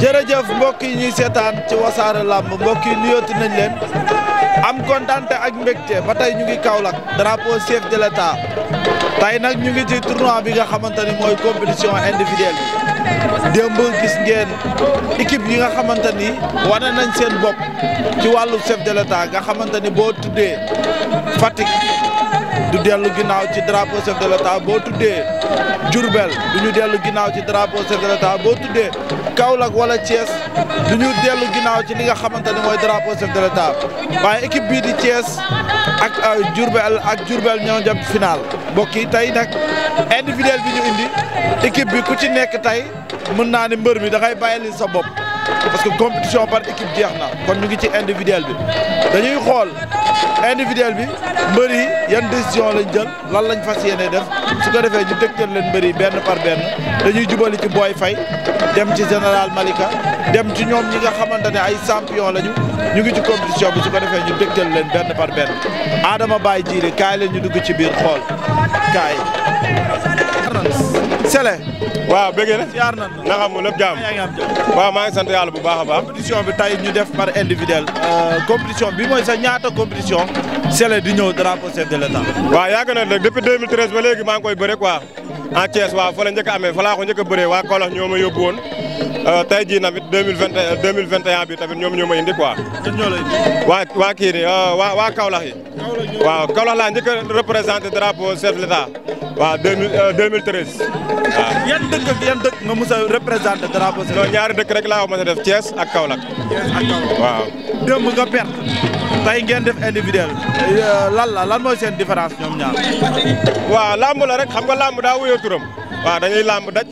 jërëjëf mbokk yi seetaan ci wasaare làmb mbokk yi nuyooti nañ leen am kontante ak mbégte ba tey ñu ngi Kaolack drapeau chef de l'État tey nag ñu ngi ci tournoi bi nga xamante ni mooy compétition individuelle bi démb gis ngeen équipe yi nga xamante ni wane nañ seen bopp ci wàllu sef de nga xamante ni boo tuddee Fatick du dellu ginnaaw ci drapeau chef de boo tuddee Diourbel du ñu dellu ginnaaw ci drapeau chef de boo tuddee Kaolack wala Thiès du ñu dellu ginnaaw ci li nga xamante ne mooy drapeau chef de l'État waaye équipe bii di Thiès ak euh, Diourbel ak Diourbel ñoo jëm final mbokk yi tey nag individuel bi ñu indi équipe bi ku ci nekk tey mën naa ne mbër mi da ngay sa bopp. parce que compétition par équipe jeex na kon ñu ngi ci individuel bi dañuy xool individuel bi mbër yi yan décision lañ jël lan lañ fas yéene def su ko defee ñu tëgtal leen mbër yi benn par benn dañuy jubali ci Boy Faye dem ci général Malika dem ci ñoom ñi nga xamante ne ay champion lañu ñu ngi ci compétition bi su ko defee ñu tëgtal leen benn par benn Adama Baye Diiré kaay leen ñu dugg ci biir xool kaay. Sélé. waaw bëggee na yaar na xam nga lépp jaam waaw maa ngi sant yàlla bu baax a baax. compétition bi tey ñu def par individuel. Euh, compétition bi mooy sa ñaata compétition Sélé di ñëw drapeau chef de l'état. yaa yàgg na nag depuis 2013 ba léegi maa ngi koy bëre quoi en Thiès waaw fa la njëkk a amee fa laa ko njëkk a bëree waa Kolox ñoo ma Euh, tey jii tamit deux mille vingt et deux mille bi tamit ñoom ñoo ma indi quoi. waa waa kii nii euh, waa waa Kaolack yi. waaw Kaolack laa njëkk a représenté drapeau chef de l'État waaw deux mille euh, deux mille treize waaw. yan dëkk yan dëkk nga mos a représenté drapeau. non ñaari dëkk rek laa mos a def Thiès ak Kaolack. Thiès ak Kaolack waaw. démb nga perte. def individuel. lan la lan mooy seen différence ñoom ñaar. waaw lamb la rek xam nga lamb daa wuyoo turam. waaw dañuy lamb daj.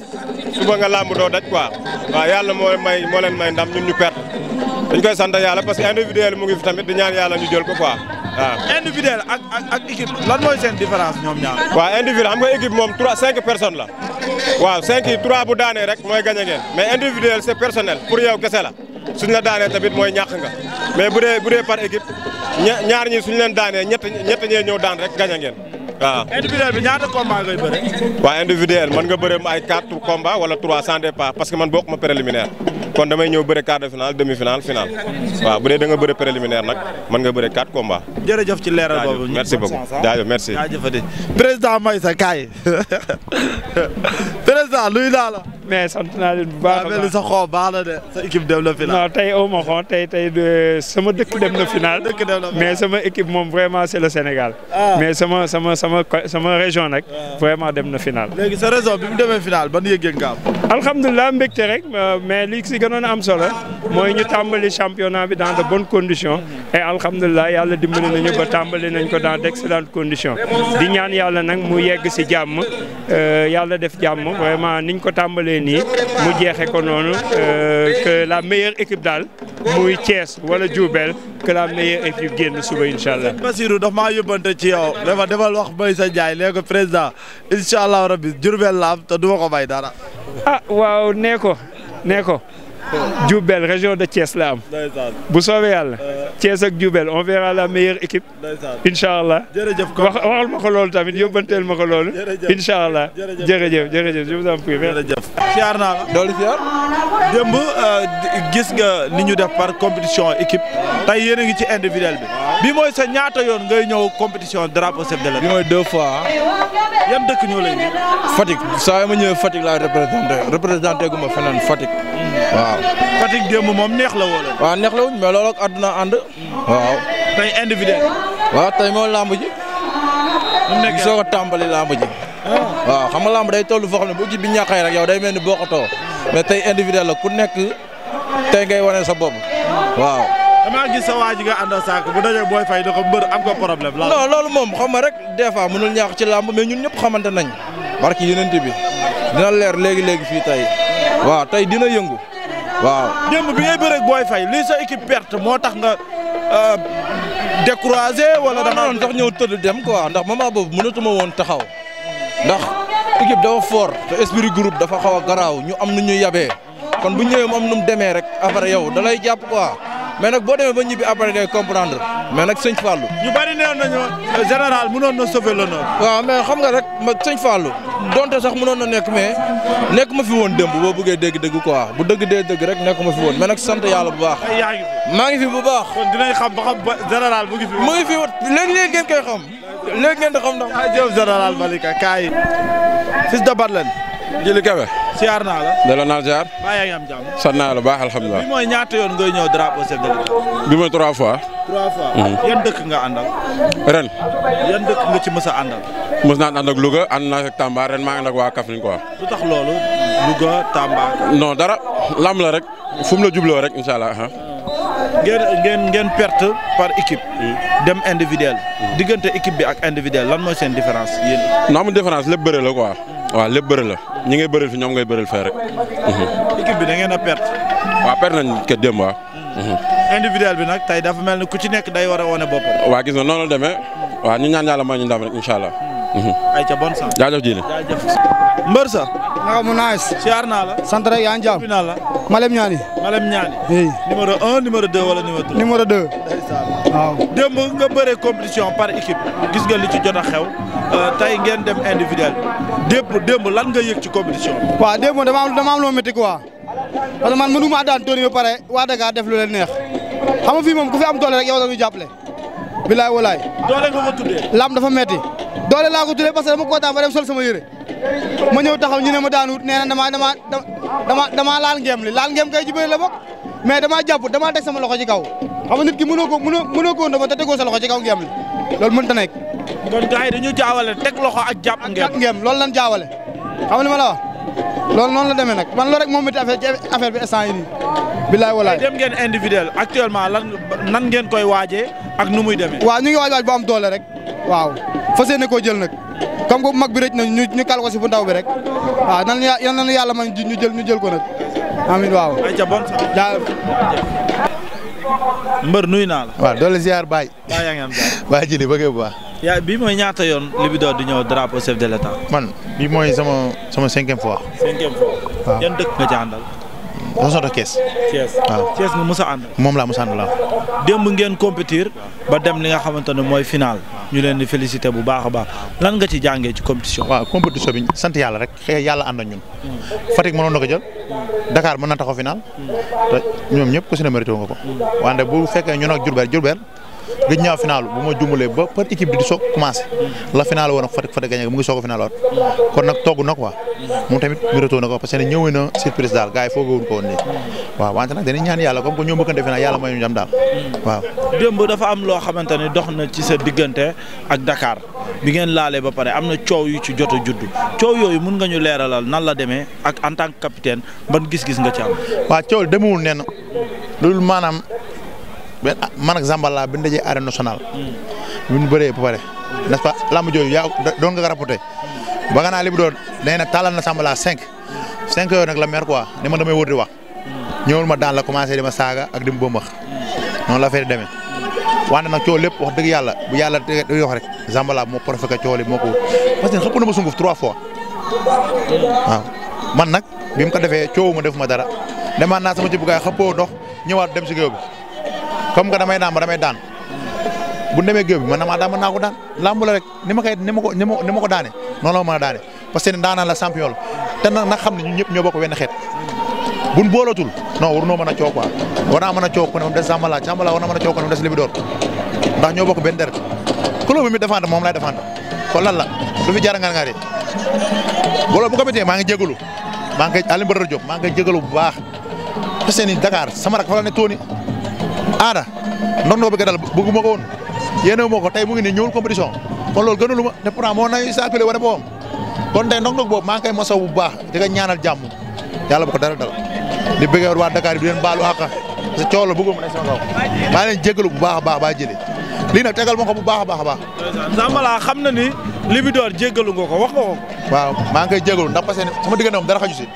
suba nga làmb doo daj quoi waaw yàlla moo may moo leen may ndam ñun ñu perte dañ koy sant yàlla parce que individuel mu ngi fi di ñaan yàlla ñu jël ko quoi waaw. individuel ak ak ak mooy seen différence ñoom ñaar. waaw individuel xam nga équipe moom trois cinq personnes la waaw cinq yi trois bu daanee rek mooy gañ ngeen mais individuel c'est personnel pour yow kese la suñ la daanee tamit mooy ñàkk nga mais bu dee bu dee par équipe ñaar ñi suñ leen daanee ñett ñett ñee ñëw daan rek gañ ngeen. waaw individuel bi ñaata combat ngay mën nga bëre ay 4 combat wala 3 sans départ parce que man bokk ma préliminaire kon damay ñëw bëre quart de finale demi finale finale waaw bu dee da nga bëre préliminaire nag mën nga bëre 4 combat. jërëjëf ci leeral boobu merci beaucoup jaajëf merci. jaajëfati président Maysa kaay luy naa la. mais sant naa leen bu baax a baax sa xoo baax la de sa équipe dem na final. non tey aw ma xoo tey tey sama dëkk dem na final. mais sama équipe moom vraiment c'est le Sénégal. Ah. mais sama région nag. Ah. vraiment dem na final. léegi sa région bi mu demee final ban yëg-yëg nga am. alhamdulilah mbégte rek euh, mais li si gënoon a am solo ah, mooy ñu tàmbali championnat bi dans de bonnes conditions. et alhamdulilah yàlla dimbali nañu ba tàmbali nañ ko dans d'excellentes conditions di ñaan yàlla mu yegg si jàmm euh, yàlla def jàmm vraiment ne nii mu jeexe ko noonu euh, que la meilleure équipe daal muy Thiès wala Diourbel que la meilleure équipe génn suba incha allah. Basirou dafa maa yóbbante ci yow dafa defal wax Mbaye sa Ndiaye nee président incha rabbi Diourbel laam te du ma ko bay dara. ah waaw nee ko Diourbel région de Thiès la am. bu soobee yàlla. Euh, Thiès ak Diourbel on verra la meilleure équipe. incha allah jërëjëf kon waxal ma loolu tamit yóbbanteel ma ko loolu. jërëjëf incha allah jërëjëf jërëjëf je vous en prie. jërëjëf siyaar naa la. doolu siyaar. Euh, gis nga ni ñu def par compétition équipe. tey yéen ngi ci individuel bi. bi mooy sa ñaata yoon ngay ñëw compétition drapeau chef de l'État. bi mooy deux fois. yan dëkk ñoo lay Fatick saa yi ma ñëwee Fatick laay représenté représenté gu ma feneen Fatick mm. waaw Fatick moom neex la woo waaw neex la wuñ mais ànd. waaw tey individuel. tey mooy làmb ji. mu nekk tàmbali làmb ji. Ah. xam nga làmb day toll xam ne bu ci bi ñàqee rek yow day mel ni bokkatoo mais tey individuel la ku nekk tey ngay wane sa bopp waaw. damaa gis sa waa ji nga àndal saako bu dajoo booy fay da ko mbër am ko problème. la non loolu moom xam nga rek des fois mënul ñàkk ci làmb mais ñun ñëpp xamante nañ barki yeneen bi dina leer léegi léegi fii tey waaw tey dina yëngu. waaw démb bi ngay bëreeg Boy Faye sa équipe perte moo tax nga euh, découragé wala da nga doon sax ñëw tëdd dem ko ndax moment boobu mënatuma woon taxaw ndax équipe dafa fort te esprit groupe dafa xaw a garaaw ñu am nu ñu yabee kon bu ñëwee mu am nu mu demee rek après yow da lay jàpp quoi. mais nag boo demee ba ñibbi après day comprendre mais nag sëñ Fallou. ñu bari nee nañu général mënoon na sauver l'honneur. waaw mais xam nga rek ma sëñ Fallou donte sax mënoon noon nekk mais nekk ma fi woon démb boo bëggee dégg-dégg quoi bu dëgg dee dëgg rek nekk ma fi woon mais nag sant yàlla bu baax. maa ngi fi bu baax. kon dinañ xam ba xam ba général mu ngi fi. mu ngi fi woon léegi-léegi ngeen koy xam léegi ngeen di xam ndax. Malika kaay. fils de Batlen. Kebe. siyaar naa la. delloo naa siyaar. maa yaa am jàmm. sant naa la baax alhamdulilah. bi mooy ñaata yoon ngay ñëw drapeau chef de l'État. bi mooy trois fois. trois fois. Mhm. yan dëkk nga àndal. ren. yan dëkk nga ci mës a àndal. mës naa ànd ak Louga ànd naa ak Tamba ren maa ngi ànd ak waa Kaffrine quoi. lu tax loolu. Louga Tamba. noo dara lam la rek fu la jubloo rek incha allah. Ah. ngeen ngeen ngeen perte par équipe. dem individuel. diggante équipe bi ak individuel lan mooy seen différence yéen. non amul différence lép bëre ko quoi. waaw lépp bëre la ñi fi ñoom ngay bëreel fee rek. Mhm. équipe bi da ngeen a perte. waaw perte nañ ke démb waaw. Mhm. individuel bi nag tey dafa mel ni ku ci nekk day war a wane boppam. waa gis nga noonu la demee. waaw ñu ñaan yàlla may ñu ndam rek incha allah. Mhm. ay ca mbër sa naka mu naaj siyaar naa la sant rek yaa ngi la Malem Niani Malem Niani numéro un numéro deux wala numéro trois numéro dë waaw démb nga bëree compétition par équipe gis nga li ci jot a xew euh, tey ngeen dem individuel démb lan nga yëg ci compétition waaw démb dama am dama am loo métti man mënu ma daan tooni ba pare waa Dakar def lu leen neex xam nga fii moom ku fi am doole rek yow la ñu jàppale bilaay walaay doole nga ko lam dafa metti doole laa ko tuddee parce que dama kontaan sama yére ma ñëw taxaw ñu ne ma daan wut nee na damaa damaa dama damaa laal ngeem li laal ngeem kay ci bëri la bokk mais damaa jàpp damaa teg sama loxo ci kaw xam nga nit ki mënoo ko mënoo mënoo ko ndama te tegoo sa loxo ci kaw ngeem li loolu mënut a nekk. kon gars yi dañu jaawale teg loxo ak jàpp ngeem lool ngeem loolu lan jaawale xam li ma la wax loolu noonu la demee nag man loolu rek moom it affaire ci affaire bi instant yii nii. bilaay walaay dem ngeen individuel actuellement lan nan ngeen koy waajee ak nu muy demee. waaw ñu ngi waaj waaj bu am rek waaw fas yéene koo jël nag comme que bu mag bi rëcc na ñu kal ko si bu ndaw bi rek waaw nan yàlla may ñu jël ñu jël ko nag amin mbër nuyu naa la. waaw doole ziar Baye. waaw yaa ngi am jàmm. waa bii mooy ñaata yoon Libido di ñëw drapeau chef de l'état. man bii mooy sama sama cinquième fois. cinquième fois. waaw yan dëkk nga ci àndal. Rosoto Thiès. Thiès waaw Thiès nga mos a moom laa mos a àndal waaw. ngeen compétir ba dem li nga xamante ne mooy final. ñu leen di félicité bu baax a baax lan nga ci jàngee ci compétition waaw compétition bi sant yàlla rek xëy yàlla ànd a ñun Fatick mënoon na ko jël Dakar mën na taxaw final hmm. te ñoom ñëpp ku nga ko hmm. wante bu fekkee ñun ak Diourbel Diourbel gëj ñaaw final a final waat kon nag togg yi ñaan yàlla comme que ñoo bëggante final yàlla may ñu jam daal démb dafa am loo xamante dox na ci sa diggante ak Dakar bi ngeen laalee ba pare am na coow yu ci jot a judd coow yooyu mun nga ñu leeralal nan la demee ak en tant que capitaine ban gis-gis nga ci am waaw coow demewul neen loolu maanaam benn ah, man ak Zambala bi ñu dajee arène nationale. Hmm. bu bëree ba pare. Hmm. n'est-ce pas lamb jooju yaa doon nga ko rapporté. Hmm. ba nga naa li mu doon nee na tàllal na sambalaa cinq. cinq yooyu nag la mer quoi ni man damay wër ma daan la commencé di ma saaga ak di ma bëmbax. noonu la fay demee. wante nag coow lépp wax dëgg yàlla bu yàlla dëgg wax rek Zambala moo profité coow li moo ko parce xëpp na ma sunguf trois fois. man nag bi mu ko defee coow ma def ma dara demaat naa sama ci bugaay xëppoo dox ñëwaat dem si géew comme que damay daan ba damay daan bu demee géew bi man damaa daan mën naa ko daan lamb la rek ni ma koy ni ko ni ko daane noonu la ma mën a daane parce que daanaa la champion la te nag xam ne ñun ñëpp ñoo bokk wenn xeet buñ boolootul non war noo mën a coow wa war naa mën a coow ku ne moom des sambala sambala war na mën a coow ku ne moom des libidoor ndax ñoo bokk benn mi défendre moom lay défendre kon lan la lu fi jaar a ngar yi bu ko méttee maa ngi jégalu maa ngi koy Alioune Badara Diop ngi koy bu baax parce que ni sama rak aada ndondoo bi nga dal bëgguma ko woon yéene moo ko tey mu ngi ne ñëwul compétition kon loolu gënalu ma te pourtant moo nay calculé wane boppam kon tey ndog-ndog boobu maa ngi koy masaw bu baax di nga ñaanal jàmm yàlla bu ko dara dal di bëggee waa Dakar yi di leen baalu àq parce que coow la ne sama maa leen jégalu bu baax a baax baa lii nag tegal ma ko bu baax a baax a baax. Zambala xam na ni Libidor jégalu nga ko wax nga ko. waaw maa ngi koy jégalu ndax parce que sama dara xaju si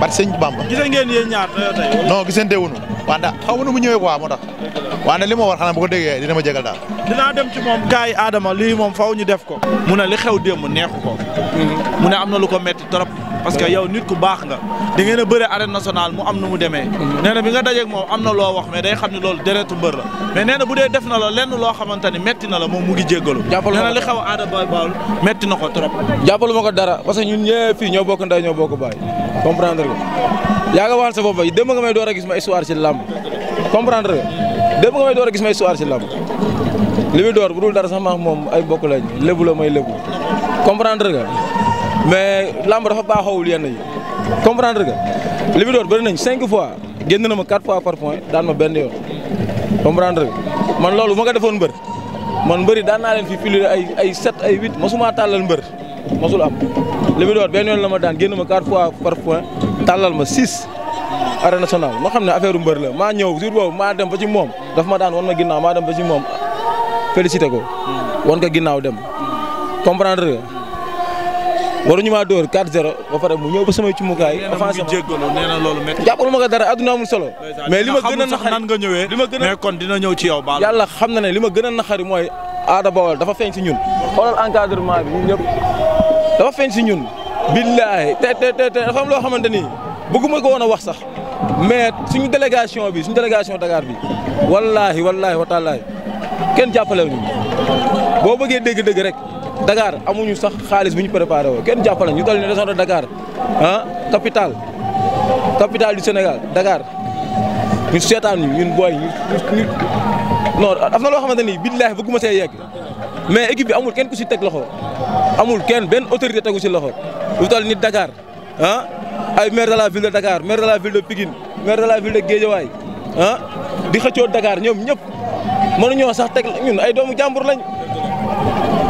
parce que sëñ Bamba. gisee ngeen yéen ñaar tey. non waaw ndax xaw ma nu mu ñëwee quoi moo tax waaw li ma war xanaa bu ko déggee dina ma jégal daal dinaa dem ci moom gars yi Adama lii moom faw ñu def ko mu ne li xew démb neexu ko mu ne am na lu ko metti trop parce que yow nit ku baax nga di ngeen a bëre arène nationale mu am nu mu demee nee na bi nga dajeeg moom am na loo wax mais day xam ne loolu deretu mbër la mais nee na bu dee def na la lenn loo xamante ni metti na la moom mu ngi jéggalu nee na li xew Adama Baol metti na ko trop jàppalu ma ko dara parce que ñun ñëpp fii ñoo bokk nday ñoo bokk baay comprendre nga yaa nga waxal sa bopp démb nga may door a gis ma histoire làmb comprendre nga démb nga a gis ma histoire làmb li muy door bu dul dara sax ma moom ay mbokk lañ lébu la may lébu comprendre nga làmb dafa baaxawul yenn yi comprendre nga li muy door bëri nañ cinq fois génn na ma quatre fois par point daan ma benn yoon comprendre nga man loolu ma nga defoon mbër man mbëri daan naa leen fi pili ay ay sept ay huit masumaa tàllal mbër masul am li muy door la daan génn ma quatre fois par point tàllal ma six arène nationale ma xam ne affaire mbër la maa ñëw jour boobu maa dem ba ci moom daf ma daan wan ma ginnaaw maa dem ba ci moom félicité ko wan ko ginnaaw dem comprendre nga waruñu maa dóor 4-0 ba pare mu ñëw ba samay cumukaay. offense bi jéggoonoo nee na loolu métti. jàppal ma ko dara adduna amul solo. mais li ma gën a naxari nan ma gën a kon dina ñëw ci yow. baal yàlla xam na ne li ma gën a naxari mooy aada bawal dafa feeñ si ñun. xoolal encadrement bi ñun ñëpp dafa feeñ si ñun billaahi te te te dafa am loo xamante ni bëgguma ko woon a wax sax mais suñu délégation bi suñu délégation Dakar bi wallaahi wallaahi wa taalaahi kenn jàppale ñu boo bëggee dégg-dégg rek dagaar amuñu sax xaalis bu ñu préparé woo kenn jàppale ñu toll ni région de Dakar ah capitale capitale du senegal Dakar ñu seetaan ñu ñun booy ñu non am na loo xamante ni billaahi bëgguma see yegg. mais équipe bi amul kenn ku si teg loxo amul kenn benn autorité tegu si loxo lu toll ni dakaar ah ay maire de la ville de Dakar maire la ville de Pikine maire de la ville de Guédiawaye ah di xëccoo Dakar ñoom ñëpp mënuñoo sax teg ñun ay doomu jàmbur lañ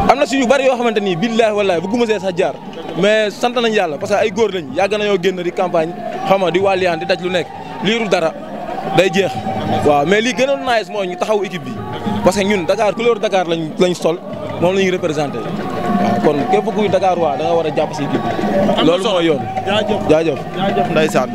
am na si yu bari yoo xamante ni billaahi wallaahi bëgguma see sax jaar mais sant nañ yàlla parce que ay góor lañ yàgg nañoo génn di campagne xam nga di wàlliyaan di daj lu nekk liiru dara. day jeex waaw mais lii gënoon nice mooy ñu taxaw équipe bi parce que ñun Dakar couleur Dakar lañ lañ sol moom la ñuy représenté waaw kon képp kuy Dakar waa da nga war a jàpp si équipe bi. loolu mooy yoon jaajëf jaajëf ndeysaan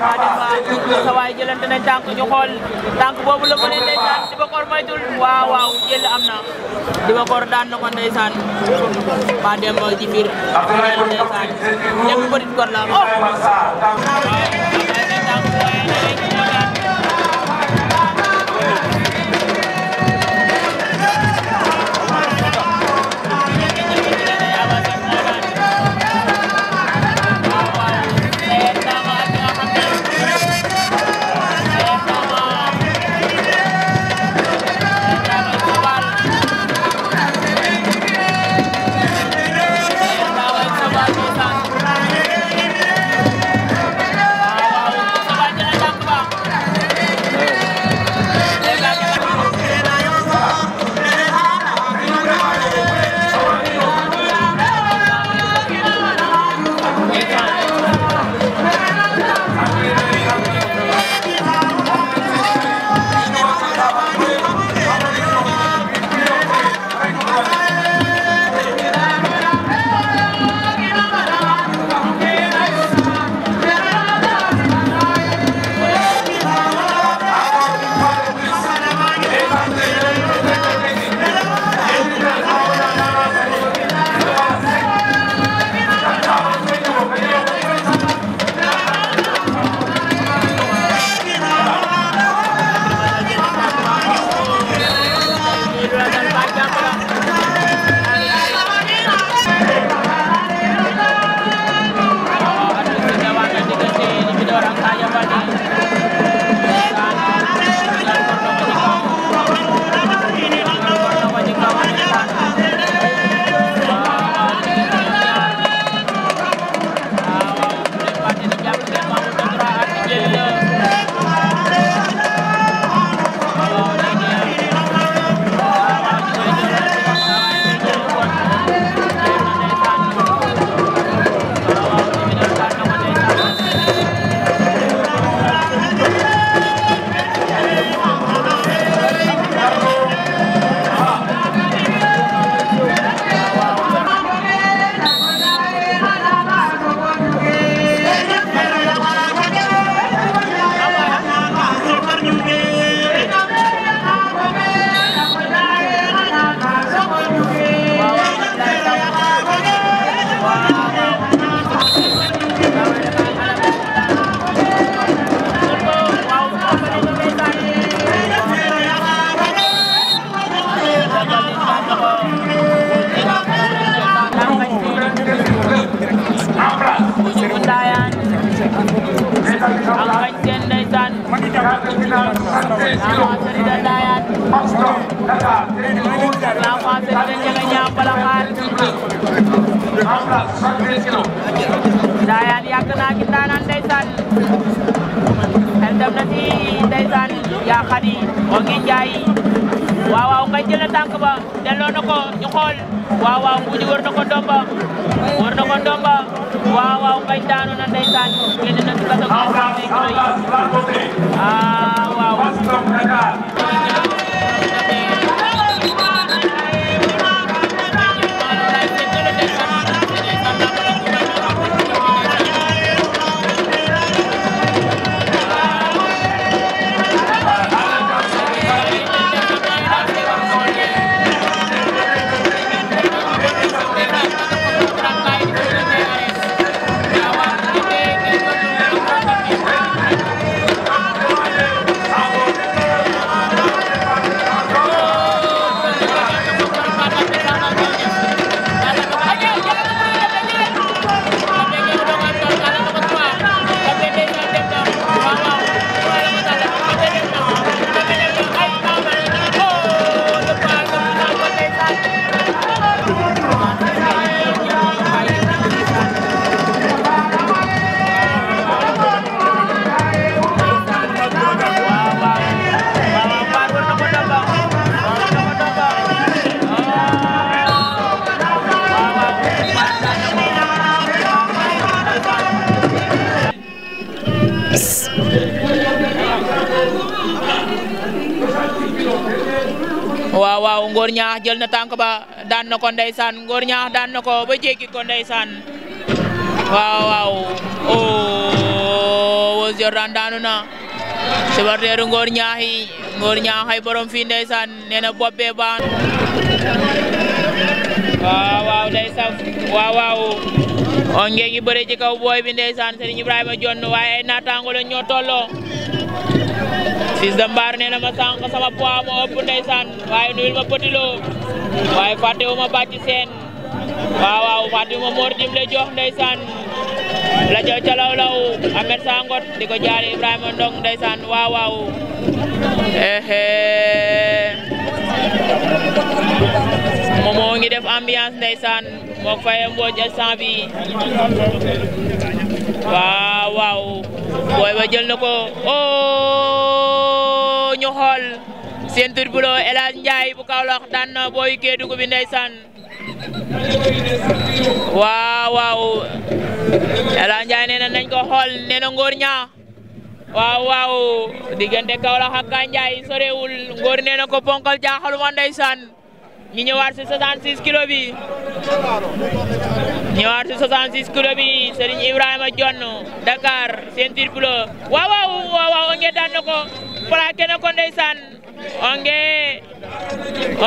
waaw sa waay jëlante nañ tànk ñu xool tànk boobu la ko ne ndeysaan di ba koor moytul waaw waaw jël am na di ba koor daan na ko ndeysaan ba dem ci biir ndeysaan dem bërit koor la oh waaw waaw Ngor ñaax jël na tànk ba daan na ko ndeysaan Ngor ñaax daan na ko ba jéggi ko ndeysaan waaw waaw oh Wos Jordan daanu na supporteru Ngor ñaax yi Ngor ñaax ay borom fii ndeysaan nee na bopp bee baan waaw waaw ndeysaan waaw waaw on ngi bëre ci kaw booy bi ndeysaan Serigne Ibrahima Jonn waaye ay naataango la Fils de Mbar nee na sama poids moo ëpp ndeysaan waaye nuyul ma Petit Lo waaye fàttewu ma bàcc seen waaw waaw fàttewu ma Mor le jox ndeysaan la jox ca law law Sangot di ko jaare Ibrahima Ndong ndeysaan waaw waaw ehe eh. moom ngi def ambiance ndeysaan moo faye mbooj instant bi waaw waaw booy ba jël na ko oh ñu xool ceinture bulo El Hadj Ndiaye bu Kaolack daan na booy Kédougou bi ndeysaan waaw waaw El Hadj Ndiaye nañ ko xool nee na ngóor ñaa waaw waaw diggante Kaolack ak Kandiaye sorewul ngóor nee na ko ponkal jaaxaluma ndeysaan ñu ñëwaat si 66 kilo bi. ñëwaat si 66 kilo bi Serigne Ibrahima Dakar ceinture bleu waaw onge daan na ko plaqué na ko onge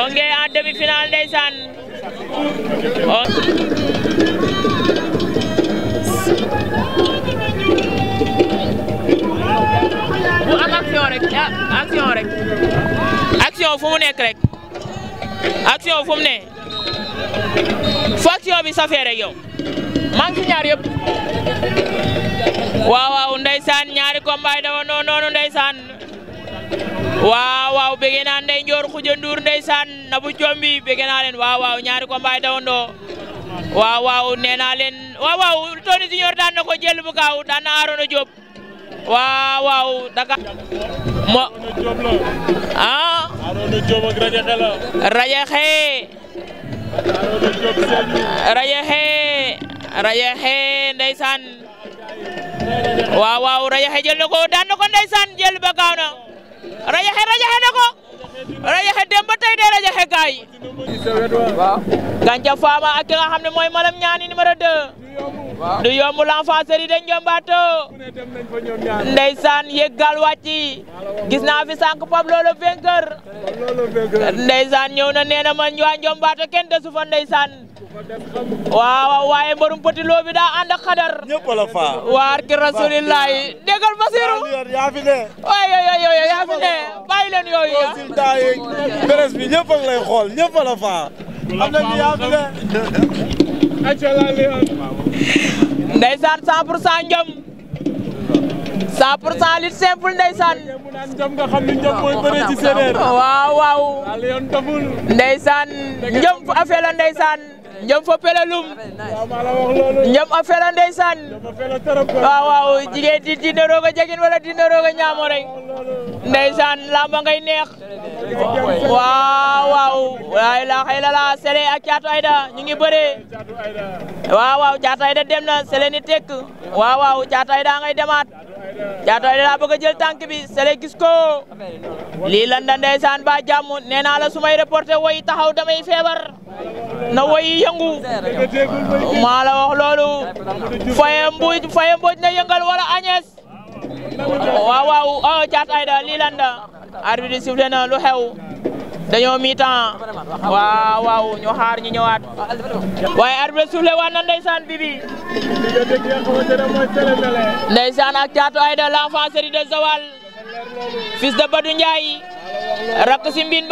onge en demi-finale ndeysaan bu am action rek action rek action fu mu nekk rek action ne fonction bi safee maa ngi ñaar yëpp waaw waaw ndeysaan ñaari combat yi dafa noonu noonu ndeysaan waaw waaw bëgg naa ndey njoor xuja nduur ndeysaan na bu combi bëgg naa leen waaw waaw ñaari combat yi daan na ko jël bu gaaw daan na Arona Diop waaw waaw daka mo ah Arona Diop ak rajaxe la rajaxe rayaxe rayaxe ndeysaan waaw waaw rayaxe jël na daan na ko ndeysaan jël ba na rayaxe rajaxe na ko rajaxe tey de rajaxe gaay gàncax faama ak ki nga ne mooy malam ñaani numéro 2 du yomb l'enfant série de ndeysaan yëggal wàcci gis naa fi sànq Pape Lolo ndeysaan ñëw na nee na ma waa kenn desu fa ndeysaan waaw waaye mbarum daa ànd ak waar ki rasulillahi déggal Basiru yaa fi ne waay yooyu ah. ndeysaan 100 pour cent njom 100 pour cent lit nga xam ni mooy bëre ci waaw waaw ndeysaan njom fu afee la ndeysaan njom fa pelalum waaw waaw jigéen di dina jegin wala dina roog a ñaamo rek ndeysaan neex waaw waaw laa ilaaha illallah Sélé ak Thiatou Aïda ñu ngi bëree waaw waaw ay Aïda dem na Sélé ni tekk waaw waaw Thiatou Aïda ngay demaat Thiatou Aïda daa bëgg a jël tànk bi Sélé gis ko lii la ndeysaan ba jàmm nee naa la su may reporté taxaw damay feebar na woy yëngu maa la wax loolu faye mbuuj faye mbuuj na yëngal wala Agnès waaw waaw oh Thiatou Aïda lii lan bi sifflé lu xew dañoo mi-temps waaw waaw ñu xaar ñu ñëwaat waaye arbitre soufflé waat na ndeysaan bibi ndeysaan ak Thiatou Aïda l'enfant chéri Zawal fils de Badou Ndiaye rakk si Abim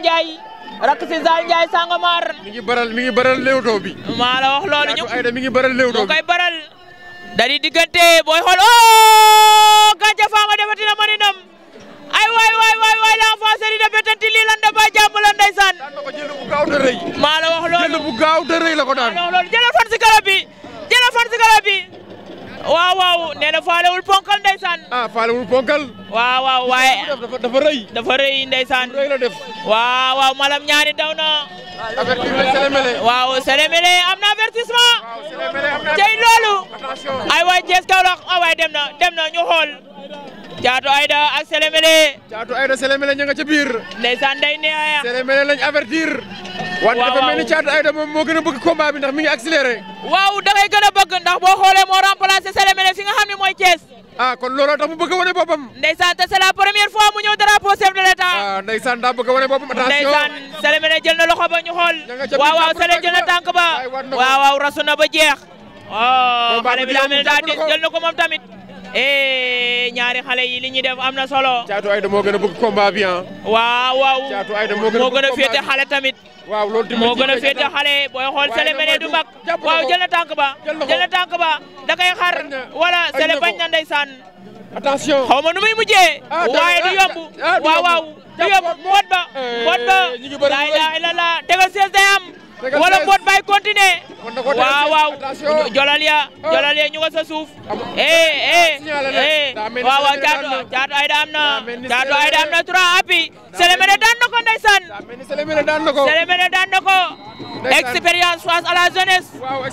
Ndiaye rakk si Zal Ndiaye Sangomar mi ngi baral mi ngi maa la wax loolu ñu Aïda mi ngi baral léewtoo bi koy baral dari diggante booy xool o oh, gàncax faama defatina maninam ay waay waay waay waay la faasari da betanti lii lan da ba jàmm maa la wax loolu jël bu gaaw te rëy la ko daan maa la wax loolu jëlal fan si garab bi jëlal fan si garab bi waaw waaw waaw malam ñaari daw na avertissement Sélémélé waaw Sélémélé am na avertissement cey loolu ay waay Thiès Kaolack a waay dem na dem na ñu xool Caatu Ayda ak Sélémélé. Caatu Ayda Sélémélé ña nga ca biir. ndeysaan day neex. Sélémélé lañ avertir. waaw waaw wante dafa mel ni Caatu Ayda moom moo gën a bëgg combat bi ndax mi ngi accéléré. waaw da ngay gën a bëgg ndax boo xoolee moo remplacé Sélémélé fi nga xam ne mooy Thiès. ah kon looloo tax mu bëgg a wane boppam. ndeysaan te c'est la première fois mu ñëw drapeau chef de l'état. ah ndeysaan daa bëgg a wane boppam attention. ndeysaan Sélémélé jël na loxo ba ñu xool. waaw waaw Sélémélé jël na tànk ba waaw waaw rasu na ba jeex. oh xale bi daa mel daa jël na ko moom tamit Eh, ñaari xale yi li ñuy def am na solo. Caatu Ayda moo gën a bëgg combat bi ah. waaw waaw Caatu Ayda moo gën a moo gën a féete xale tamit. waaw loolu tamit moo gën a féete xale booy xool Sélé mene du mag. waaw jël na tànk ba jël na tànk ba da koy xar wala Sélé bañ na ndeysaan. attention xaw ma nu muy mujjee. Ah, waaye du ah, yomb ah, waaw waaw du yomb mot ba eh, mot ba. ñu ngi bëri la la tegal sees day am. wala mboot bay continuer waaw waaw jolal ya ah. jolal ya suuf ah, eh ah, eh eh waaw waaw caatu caatu ayda na caatu ayda am na trois api Séléméré daan na ko ndeysaan Séléméré daan na ko expérience face à la jeunesse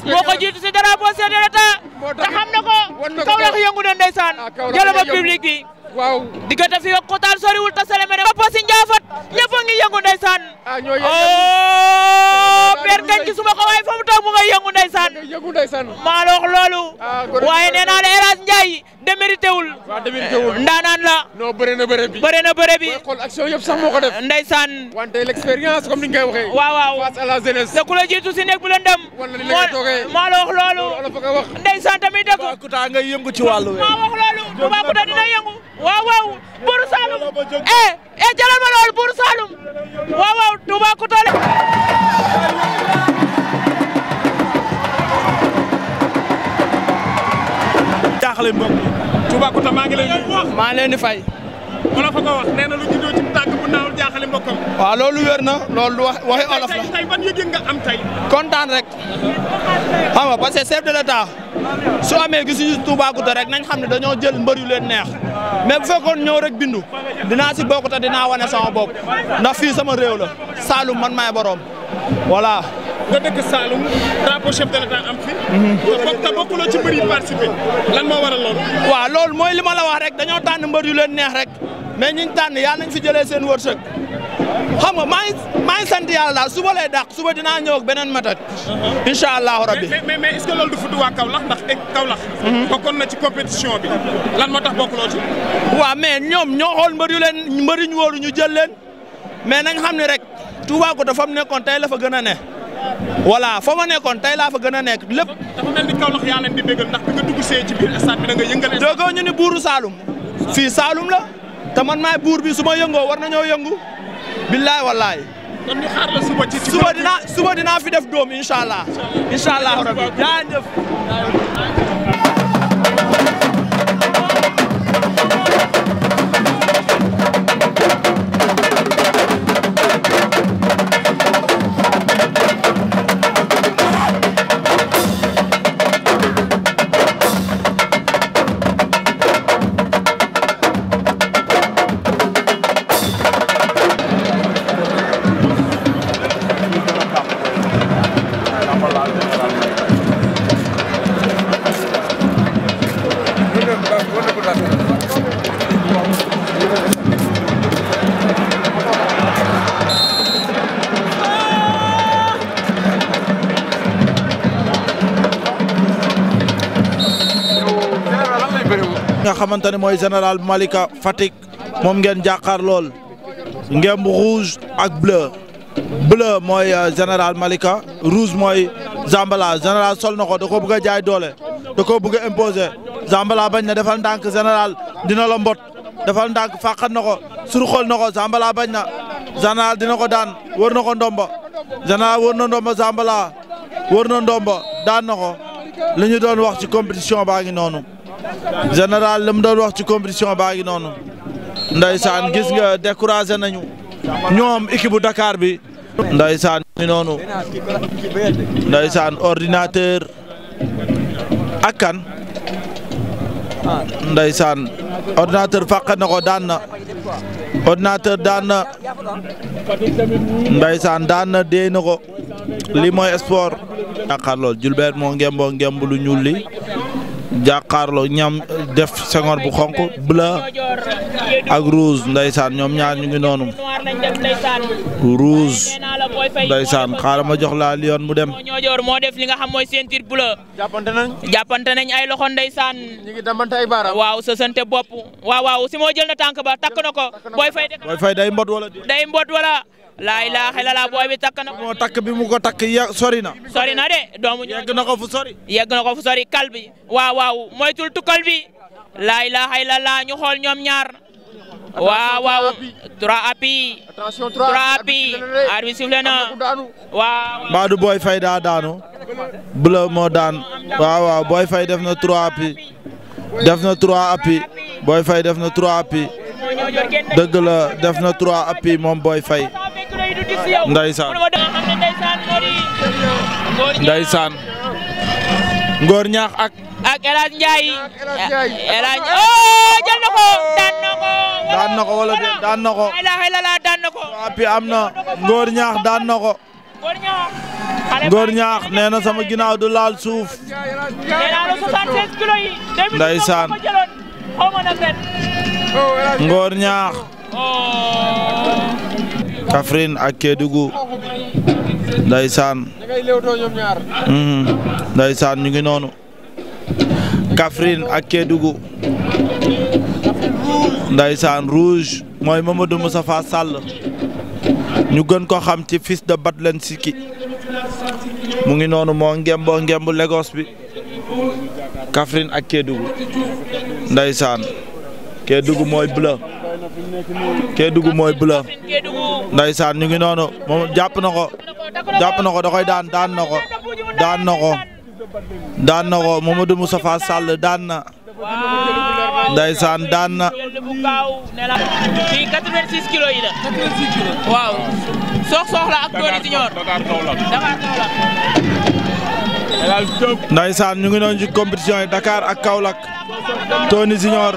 moo ko jiitu si drapeau chef de l'État te na ko Kaolack yëngu na ndeysaan jël ba public bi waaw diggante fi ak Xotaan soriwul ta Sélé Méré ba si Njaafat ñëpp a ngi yëngu ndeysaan ah, oh père gañ ci suma ko waaye fa mu toog mu ngay yëngu ndeysaan maa la wax loolu ah, waaye démérité wul. waaw démérité wul ndaanaan la. non bëre na bëre bi bëre na bëre bi. booy xool action yëpp sax moo ko def. ndeysaan. wante l' ni nga koy waxee. waaw waaw face ku la si nekk bu leen dem. wala li nga toogee moo la ci wàllu we maa wax loolu Touba dina yëngu. waaw waaw Buur Saalum. eh eh jëlal ma loolu Buur Saalum. waaw waaw Touba jaaxle mbokk yi. Toubacouta maa ngi di fay. olof a ko wax nee na lu juddoo ci tànk bu naawul loolu wér olof la tey ban am kontaan rek. xam nga parce que chef de l'état su amee gisuñu Toubacouta rek nañ xam ne dañoo jël mbër yu leen neex mais bu fekkoon ñëw rek bindu dinaa si bokk dinaa wane sama bopp ndax fii sama réew la Saalum man maay borom voilà. nga dëkk Saloum drapeau chef de l'État mhm. ci mbër yi lan moo waral loolu. waaw loolu mooy li ma la wax rek dañoo tànn mbër yu leen neex rek mais ñiñ tànn yàlla nañ fi jëlee seen wërsëg xam nga maa ngi maa ngi sant yàlla daal suba lay dàq suba dinaa ñëw ak beneen méthode. Uh-huh. incha allahu rabbi mais mais est ce que loolu du fudd waa Kaolack kaw Kaolack. Mhm. bokkoon na ci compétition bi lan moo tax bokkuloo ci. waaw mais ñoom ñoo xool mbër yu leen mbër yu ñu wóolu ñu jël leen mais nañ xam ne rek Touba ko dafa nekkoon tey la fa gën a ne. voilà fa ma nekkoon tey laa fa gën a nekk lépp. dafa mel ni Kaolack yaa nga dugg see ci biir stade bi da nga yëngal. déggoo ñu ni buuru Saalum fii Saalum la te man maay buur bi su ma yëngoo war nañoo yëngu billaay wallaay. kon ñu xaar suba ci ci. dinaa fi def doom incha allah. incha allah rabbi mooy général Malika Fatick moom ngeen jàkkaar lool ngemb rouge ak bleu bleu mooy euh, général Malika rouge mooy Zambala général sol na ko da jaay doole da ko bëgg a bañ na defal ndànk général dina la mbot defal ndànk fàqat na ko surxol na ko Zambala bañ na général dina ko daan wër na ko ndomba général wër na ndomba Zambala wër na ndomba daan na ko doon wax ci baa ngi noonu général li mu doon wax ci compétition baa noonu ndaysaan gis nga découragé nañu ñoom équipe dakaar bi ndaysaan mi noonu ndaysaan ordinateur ak kan ndaysaan ordinateur fàq na ko daan na ordinateur daan ndaysaan daan na dee na ko li mooy sport. yaakaar ngembo ngemb lu ñuul li jàkkaarloo ñam def sengoor bu xonk bleu ak rouge ndeysaan ñoom ñaar ñu ngi noonu rouge ndeysaan xaaral ma jox laa lion mu dem moo def li nga xam mooy ceinture bleu jàppante nañ nañ ay loxo ndeysaan ñu ngi damante waaw sa bopp waaw waaw si moo jël na tànk ba takk na ko fay day mbot wala laa ilaaha illallaah booy bi takk na. moo takk bi mu ko takk ya sori na. sori na de doomu ñu. yegg na ko fu sori. yegg na ko fu sori kal bi waaw waaw moytul tukkal bi laa ilaaha illallaah ñu xool ñoom ñaar. waaw waaw trois appuis. attention trois appuis. arbitre sifflé na waaw. Badou Boy daa daanu. Bleu moo daan waaw waaw Boy Faye def na trois appuis. def na trois appuis. Boy Faye def na trois appuis. dëgg la def na trois appuis moom booy fay Ndeysaan Ndeysaan Ngor Ñaax ak. ak El Hadj Ndiaye. El Hadj eh, oh jël na ko daan na ko. daan na wala daan na ko. ay daan na ko. waa puis am na Ngor Ñaax daan na ko. Ngor Ñaax nee na sama ginnaaw du laal suuf. Ndeysaan. Ngor Kaffrine ak Kédougou ndeysaan mhm. ndeysaan ñu ngi noonu Kaffrine ak Kédougou ndaysaan rouge mooy Mamadou Moustapha Sall ñu gën ko xam ci fils de Batlen Siki mu ngi noonu moo ngemboo ngembu Lagos bi Kaffrine ak Kédougou ndaysaan Kédougou mooy bleu Kédougou mooy Bleu ndeysaan ñu ngi noonu moom jàpp na ko jàpp na ko da koy daan daan na ko daan na ko mu na ko Mamadou daan na ndeysaan daan na fii 86 kilos yi la waaw soox la ak dooni junior Dakar Kaolack ñu ngi noonu ci compétition yi Dakar ak Kaolack Tony Junior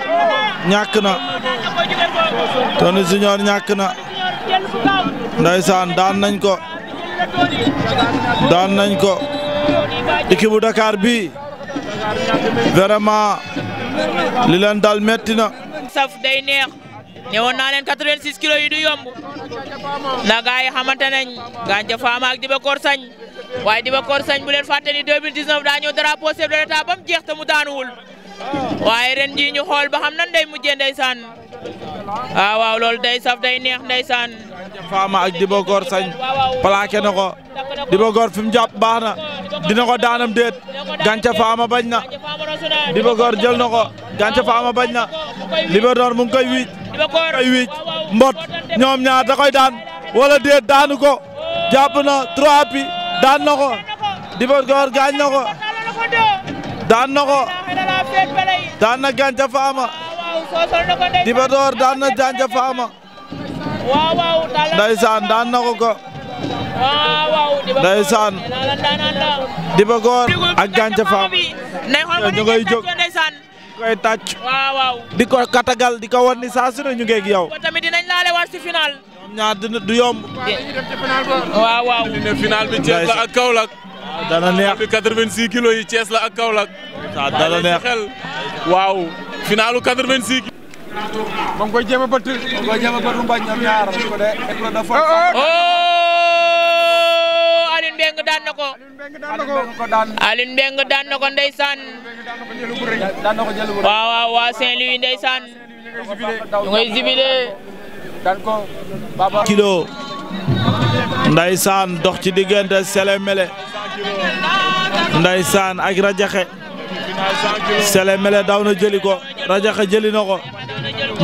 ñàkk na Tony Junior ñàkk na ndaysaan daan nañ ko daan nañ ko équipe bu Dakar bi vraiment li leen dal metti na saf day neex ne woon naa leen 86 kilos yi du yomb na gaa yi xamante nañ Gandia Fama ak Dibakor Sagne di Dibakor Sagne bu leen fàtte ni 2019 daa ñëw drapeau chef de l'État ba mu jeex te mu waaye ren jii xool ba xam nan day mujjee ndeysaan ah waaw loolu day saf day neex ndeysaan. faama ak Dibagor sañ plaqué na ko Dibagor fi mu jàpp baax na dina ko daanam déet gàncax faama bañ na Dibagor jël na ko gàncax faama bañ na Libidor mu koy wiic koy wiic mbot ñoom ñaar da daan wala déet daanu ko jàpp na trois appuis daan na ko Dibagor gaañ na ko daan na faama. Dibador daan na Gandia Fama waaw waaw ndeysaan ko ko waaw waaw ndeysaan Dibador ak Gandia Fama ñu koy tàcc di katagal di ko wan ni ñu ngeeg yow tamit dinañ laale war ci final ñoom ñaar dina du yomb waaw waaw dina final bi la ak Kaolack dana neex bi 86 yi Thiès la ak Kaolack dana neex waaw finalu 86. ba mu koy jéem oh, oh, oh. daan na ko. Aline Mbengue daan na ko ndeysaan. waaw waaw waa Saint-Louis ndeysaan. ñu ngay zibilé. kilo. ndeysaan dox ci diggante Sele Mele. ndeysaan ak Rajaxe. Sele Mele daw na jëli ko Radiakhé jëli na ko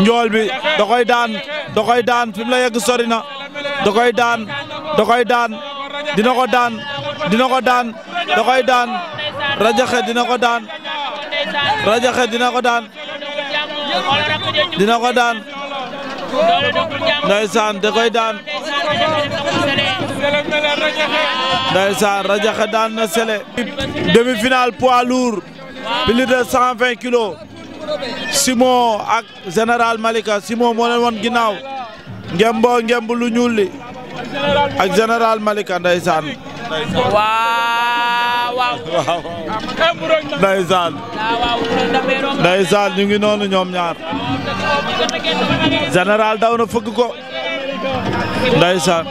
njool bi dokoy koy daan da koy daan fi la yegg sori na da koy daan da daan dina ko daan dina ko daan da daan Radiakhé dina ko daan Radiakhé dina ko daan dina ko daan ndeysaan da koy daan ndeysaan Radiakhé daan na Sele demi-finale poids plus de cent vingt kilos Simon ak général Malika Simon moo leen woon ginnaaw ngembo ngemb lu ñuul li ak général Malika ndeysaan waaw waaw ndeysaan ndeysaan noonu ñoom ñaar général daw na fëgg ko ndeysaan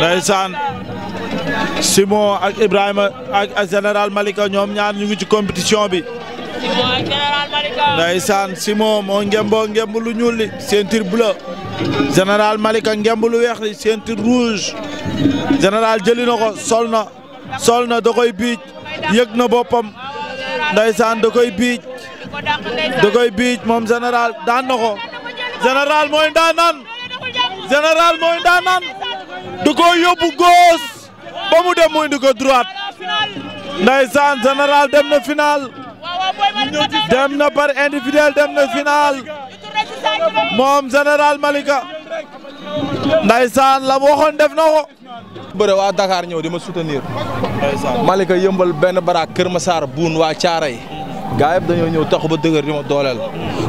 ndeysaan Simon ak Ibrahima ak ak général Malika ñoom ñaar ñu ngi ci compétition bi. Simon ak général Malika. Simon moo ngemboo ngemb lu ñuul li ceinture bleu. général Malika ngemb lu weex li ceinture rouge. général jëli na ko sol na sol na da koy biij yëg na boppam. Ndeysaan da koy biij da koy biij moom général daan na ko. mooy daan naan mooy daan naan yóbbu góos. ba mu dem mu indi ko droite ndeysaan général dem na final dem na par individuel dem na final moom général Malika ndeysaan la mu waxoon def na ko. bëre waa dakaar ñëw di ma soutenir Malika yëmbal benn baraak Kër Massar buun waa Caaray gaa yëpp dañoo ñëw taxu ba dëgër di ma dooleel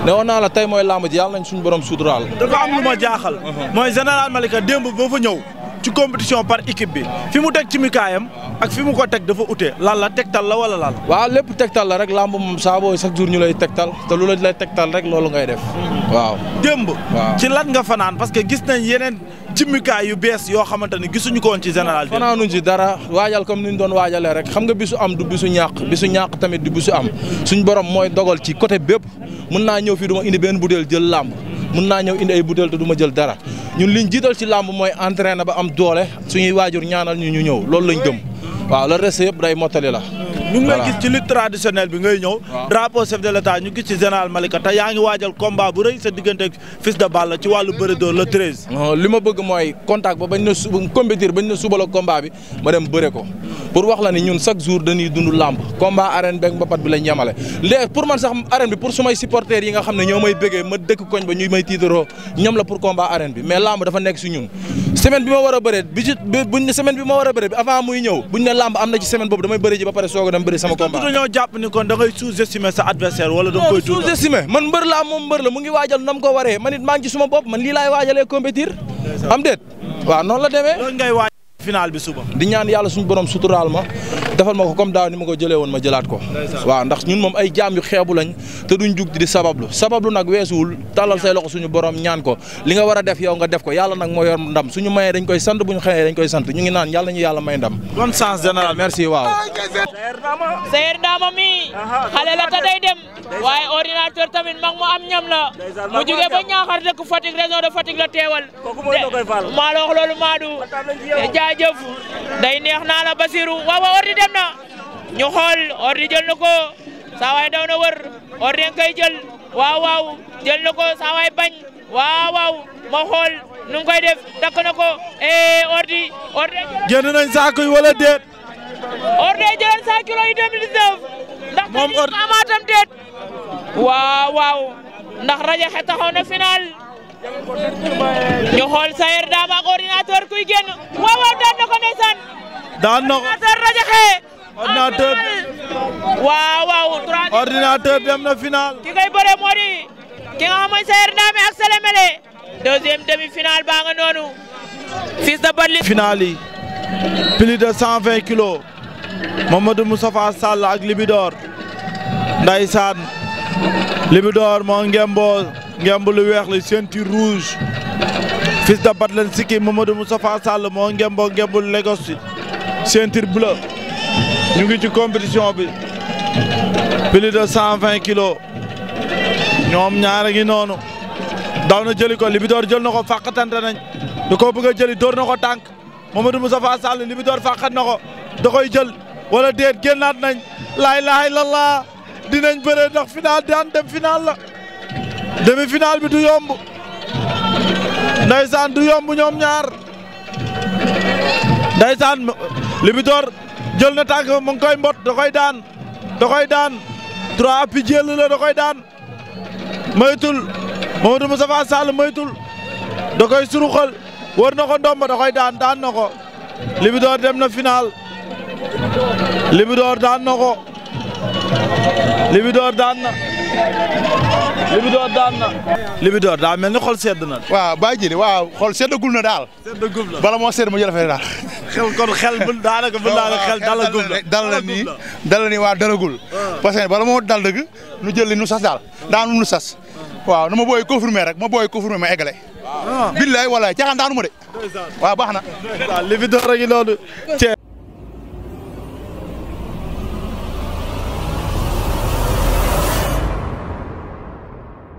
ne woon naa la mooy làmb ji yàlla nañ suñu borom suturaal dafa am lu ma jaaxal uh-huh. mooy général Malika démb boo fa ñëw ci compétition par équipe bi fi mu teg ci mikaayam ak fi mu ko teg dafa ute lan la tegtal la wala lan. waaw lépp tegtal la rek làmb moom saabo booy chaque jour ñu lay tegtal te lu la lay tegtal rek loolu ngay def. waaw démb. ci lan nga fanaan parce que gis nañ yeneen cimmikaay yu bees yoo xamante ni gisuñu ko woon ci général. fanaanuñ ci dara waajal comme ni ñu doon waajalee rek xam nga bisu am du bisu ñàkk bisu ñàkk tamit du bisu am suñ borom mooy dogal ci côté bépp mën naa ñëw fii du ma indi benn budeel jël làmb. mun naa ñëw indi ay butéel te du ma jël dara ñun liñ jiital ci làmb mooy entraîné ba am doole suñuy waajur ñaanal ñu ñu ñëw loolu lañ gëm waaw le reste yëpp day mottali la ñu ngi lay gis ci lutte traditionnelle bi ngay ñëw drapeau chef de l'état ñu gis ci général Malika te yaa ngi waajal combat bu rëy sa diggante ak fils de Balla ci wàllu bëre door le treize li ma bëgg mooy contact ba bañ na suba la combat bi ma dem bëre ko pour wax la ni ñun chaque jour dañuy dund làmb combat arène beeg mbapat bi lañ yemale léegi pour man sax arène bi pour sumay supporters yi nga xam ne ñoo may bëggee ma dëkk koñ ba ñuy may tiitaroo ñoom la pour combat a bëre bi dama bëri sama combat dañoo jàpp ni kon sa adversaire wala da nga koy man mbër laa moom mbër la mu ngi waajal ko waree man it suma bopp man lii laay waajalee am déet waaw noonu la demee loolu ngay waaj bi suba di ñaan yàlla suñu suturaal ma defal ma ko comme daaw ni ma ko jëlee woon ma jëlaat ko. waaw ndax ñun moom ay jaam yu xeebu lañ te duñ jug di sabablu sabablu nag weesuwul tàllal say loxo suñu borom ñaan ko li nga war a def yow nga def ko yàlla nag moo yor ndam suñu mayee dañ koy sant bu ñu xëyee dañ koy sant ñu ngi naan yàlla ñu yàlla may ndam. bonne chance général merci waaw. Seyer Dama mi xale la te day dem. waaye ordinateur tamit mag mu am ñam la mu jugee ba ñaaxar dëkk Fatick région de Fatick la teewal maa la wax loolu Madou jaajëf day neex naa la Basirou waaw waaw ordi dem na ñu xool ordi jël na ko saa daw na wër ordi nga koy jël waaw waaw jël na ko saa bañ waaw waaw ma xool nu koy def takk na ko eh ordi ordi génn nañ saako yi wala déet moom heure rajo taxaw na final. ñu xool Sayer dem na final. ki koy bëree moo di ki nga xam mooy Sayer Dame ak Sélémélé. demi finale baa nga noonu. fils de Badli. finale plus de cent vingt Mamadou Moustapha Sall ak Libidor ndeysaan Libidor moo ngemboo ngemb lu weex li ceinture rouge fils de Batlen Siki Mamadou Moustapha Sall moo ngemboo ngemb lu Lagos bi ceinture ñu ngi ci compétition bi plus de cent vingt kilos ñoom ñaara ngi noonu daw na jëli ko Libidor jël na ko fàqatante nañ da koo bëgg a jëli dóor na ko tànk Mamadou Moustapha Sall Libidor fàqat na ko da koy jël wala déet génnaat nañ laay laay lallaa dinañ bëre ndax final daan dem final la demi final bi du yomb ndaysaan du yomb ñoom ñaar ndaysaan Libidor jël na tànk mu ngi koy mbot da koy daan da koy daan trois appuis jël da koy daan moytul Mamadou Moustapha Sall moytul da koy suruxal wër na ndomba da koy daan daan na ko dem na final Libidor daan na ko Libidor daan na Libidor daan na. Libidor daa mel ni xol sedd na. waaw bàyyi ji waaw xol seddagul na daal. bala moo sedd mu jëlafee daal. xel kon xel bu daanaka bu daanaka waa dalagul. parce que bala moo dal dëgg nu jël li nu sas daal daanu nu sas. waaw na ma booy confirmer rek ma booy confirmer ma eggale. Ah. billaay walaay caaxaan daanu ma de. waaw baax na. waaw Libidor a ngi noonu.